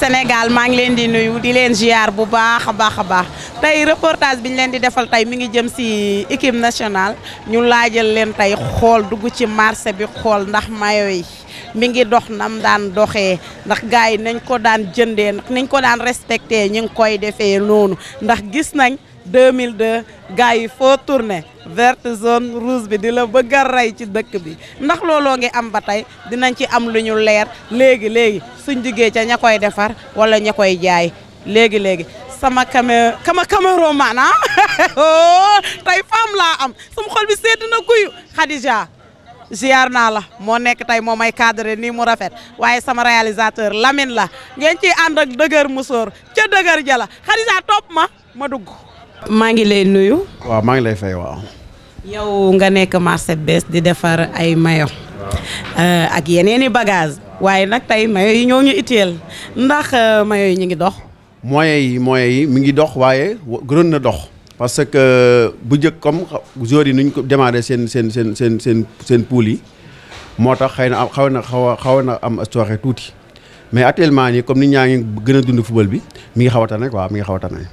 Sénégal maa ngi leen di nuyu di leen ziar bu baax a baax a baax tey reportage bi ñu leen di defal tey mi ngi jëm si équipe nationale ñu laajal leen tey xool dugg ci marché bi xool ndax mayo yi mi ngi dox nam daan doxe ndax gars yi nañ ko daan jëndee nañ ko daan respecté ñu ngi koy defee noonu ndax gis nañ. 2002 gars yi foo tourné verte zone ruus bi di la bëgg rey ci dëkk bi ndax looloo ngi am ba tey dinañ ci am lu ñu leer léegi léegi suñ jugee ca ña koy defar wala ña koy jaay léegi léegi sama camé kama caméraman ah oh, tey femme laa am sama xol bi sedd na guyu Khadija ziar naa la moo nekk tey moo may cadré nii mu rafet waaye sama réalisateur Lamine la ngeen ci ànd ak dëgër musóor ca dëgër jala Khadija topp ma ma dugg maa ngi lay nuyu. waaw maa ngi lay fay waaw. yow nga nekk marché bees di defar ay mayo euh, ak yeneen i bagage waaye nag tey mayo yi ñoo ñu itteel ndax euh, mayo yi ñu ngi dox. moyens yi moyens yi mi ngi dox waaye gënoon na dox. parce que bu njëkk comme joueurs yi nuñ ko démarré seen seen seen seen seen seen pool yi moo tax xëy na am xaw na xaw a xaw na am sooxe tuuti mais actuellement nii comme nit ñaa ngi gën a dund bi mi ngi xaw a tane quoi mi ngi xaw a tane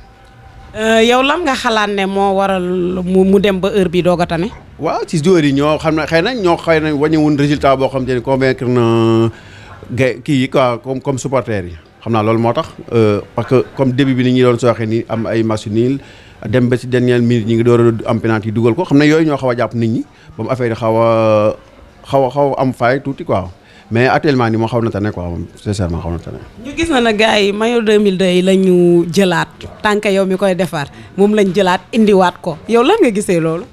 Euh, yow lan nga xalaat ne moo waral mu dem ba heure bi doog a tane. waaw ci joueurs yi ñoo xam ne xëy na ñoo xëy na wàññiwun résultat boo xam te ne convaincre na gay kii yi quoi comme comme supporters yi xam naa loolu moo tax euh, parce que comme début bi ni ñu doon sooxee ni am ay match nul dem ba ci dernière minute ñi ngi door a am penalty yi dugal ko xam ne yooyu ñoo xaw a jàpp nit ñi ba mu affaire yi xaw a xaw a xaw am faay tuuti quoi. mais actuellement ni ma xaw na tane quoi moom sincèrement xaw na tane. ñu gis na na gars yi maillot 2002 yi la ñu jëlaat tànk yow mi koy defar moom lañ jëlaat indiwaat ko yow lan nga gisee loolu.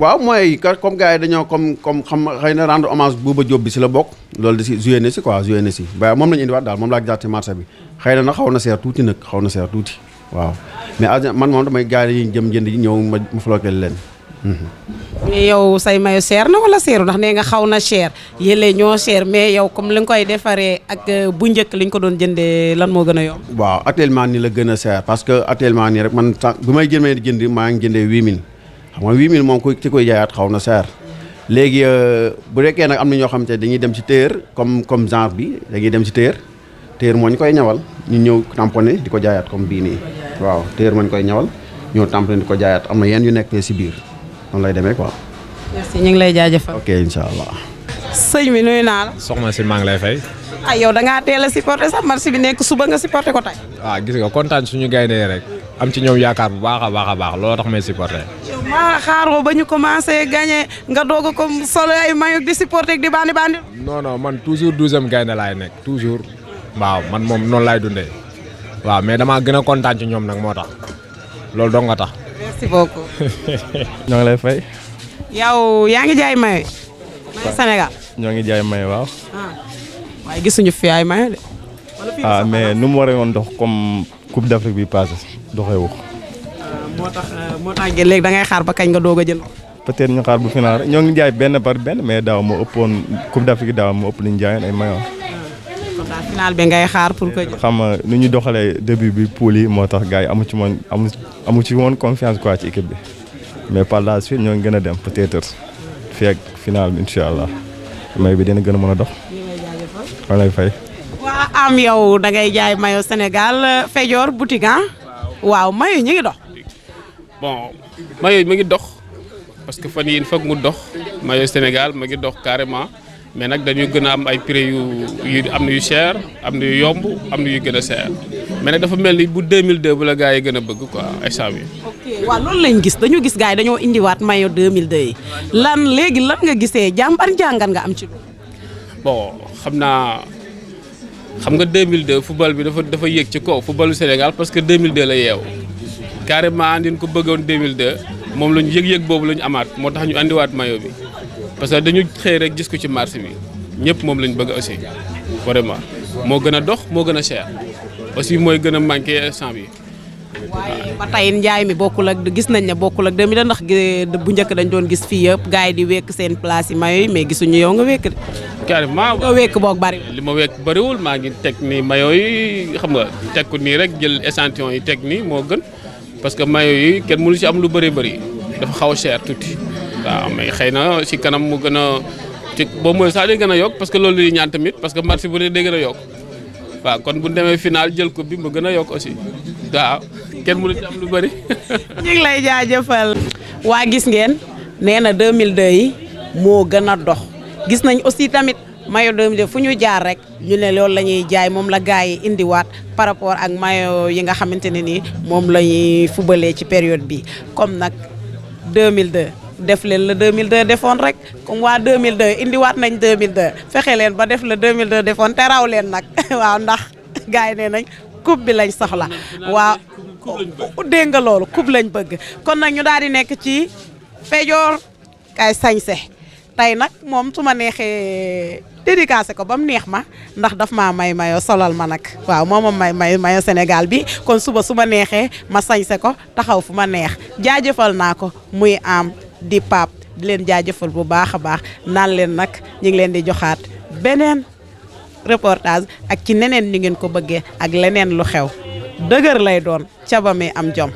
waaw mooy comme gars yi dañoo comme comme xam xay na rendre hommage Bouba Diop bi si la bokk loolu di si joué na si quoi joué na si waaye moom la ñu indiwaat daal moom laa gisaat si marché bi xëy na nag xaw na seer tuuti nag xaw na seer tuuti waaw mais man moom damay gars yi jëm jënd ñëw ma ma floqué leen. mais yow say mayo cher na wala seeru ndax nee nga xaw na cher yële ñoo cher mais yow comme li nga koy defaree ak euh, bu njëkk li ñu ko doon jëndee lan moo gën a yomb. waaw actuellement nii la gën a cher parce que actuellement nii rek man sax bi may jëmee jënd maa ngi jëndee 8000 xam nga 8000 moom ku ci koy jaayaat xaw na cher. léegi euh, bu rekkee nag am na ñoo xam te dañuy dem ci téer comme comme genre bi dañuy dem ci téer téer moo ñu koy ñawal ñu ñëw tamponné di ko jaayaat comme bii nii waaw téer moo ñu koy ñawal ñëw tamponné di ko jaayaat am na yenn yu nekk fee ci noonu lay demee quoi. ñu ngi lay jaajëfal. ok incha allah. sëñ bi nuyu naa la. soxna si maa ngi lay fay. ay ah, yow da ngaa teel a supporté sax marché bi nekk suba nga supporté ko tey. waaw ah, gis nga kontaan suñu gaynde rek. am ci ñoom yaakaar bu baax a baax a baax looloo tax may supporté. maa xaaroo ba ñu commencé gagné nga doog ko solo ay maillot di supporté di bandi bandi. non non man toujours douzième gaynde laay nekk toujours. waaw man moom noonu laay dundee. waaw mais damaa gën a kontaan ci ñoom nag moo tax. loolu dong nga tax. merci ñoo lay fay. yaw yaa ngi jaay maye. maye Sénégal. ñoo ngi jaay maye waaw. Ah. waaye gisuñu fi ay maye de. ah mais nu mu waree woon dox comme Coupe d'Afrique bi passé doxee wu. Ah, moo tax ah, moo tax da ngay xaar ba kañ nga doog a jël. peut-être ñu xaar bu final rek ñoo ngi jaay benn par benn mais daaw moo ëppoon Coupe d'Afrique daaw moo ëpp li ñu jaayoon ay maillot. daal final bi ngay xaar pour que. xam nga nu ñu doxalee début bi poul yi moo tax gars yi amu ci woon amu amu ci woon confiance quoi ci équipe bi mais par la suite ñoo ngi gën a dem peut-être fii ak final bi allah may bi dina gën a mën a dox. ma lay fay. yow da ngay jaay mayo Sénégal Fejoor boutique ah. waaw mayo ñu ngi dox. bon mi ngi dox parce que fan yii foog mu dox mayo Sénégal magi dox carrément. mais nag dañuy gën a am ay prix yu yu am na yu cher am na yu yomb am na yu gën a cher mais nag dafa mel ni bu 2002 bu la gars yi gën a bëgg quoi instant bi. ok loolu lañ gis dañu gis gars yi dañoo indiwaat maillot 2002 yi lan léegi lan nga gisee jàmbar jàngan nga am ci loolu. bo xam naa xam nga 2002 football bi dafa dafa yéeg ci kaw footballu Sénégal parce que 2002 la yeew carrément ni ko bëggoon 2002 moom la ñu yëg boobu lañu amaat moo tax ñu andiwaat maillot bi. parce que dañu xëy rek gis ko ci marché bi ñëpp moom lañ bëgg aussi vraiment moo gën a dox moo gën a cher aussi mooy gën a manqué instant bi ba tey njaay mi bokkul ak gis nañ ne bokkul ak dem da ndax bu njëkk dañ doon gis fii yëpp gars yi di wekk seen place yi mayo mais gisuñu yow nga wekk de. carrément nga wekk boog bari li ma wekk bariwul maa ngi teg ni mayo yi xam nga teg ko nii rek jël échantillon yi teg nii moo gën parce que mayo yi kenn mënu ci am lu bëri bëri dafa xaw a cher tuuti. waaw mais xëy na si kanam mu gën a ci boo mooy sax day gën a yokk parce que loolu li ñaan tamit parce que match bu ne day gën a yokk waaw kon bu demee final jël ko bi mu gën a yokk aussi waaw kenn mënu ci am lu bëri. ñu ngi lay jaajëfal. waa gis ngeen nee na 2002 yi moo gën a dox gis nañ aussi tamit maillot 2002 fu ñu jaar rek ñu ne loolu la ñuy jaay moom la gars yi indiwaat par rapport ak maillot yi nga xamante ne ni moom la ñuy fubalee ci période bi comme nag 2002. def leen la 2002 defoon rek comme waa 2002 indiwaat nañ 2002 fexe leen ba def la 2002 defoon te raw leen nag waaw ndax gars yi nañ coupe bi lañ soxla waaw dégg nga loolu coupe lañ bëgg kon nag ñu daal di nekk ci Pejoor kay sañse tey nag moom su ma neexee dédicacé ko ba mu neex ma ndax daf ma may mayo solal ma nag waaw moom may may mayo Sénégal bi kon suba su ma neexee ma sañse ko taxaw fu ma neex jaajëfal naa ko muy am di Pape di leen jaajëfal bu baax a baax naan leen nag ñu ngi leen di joxaat beneen reportage ak ci leneen ñu ngeen ko bëggee ak leneen lu xew dëgër lay doon caba mi am jom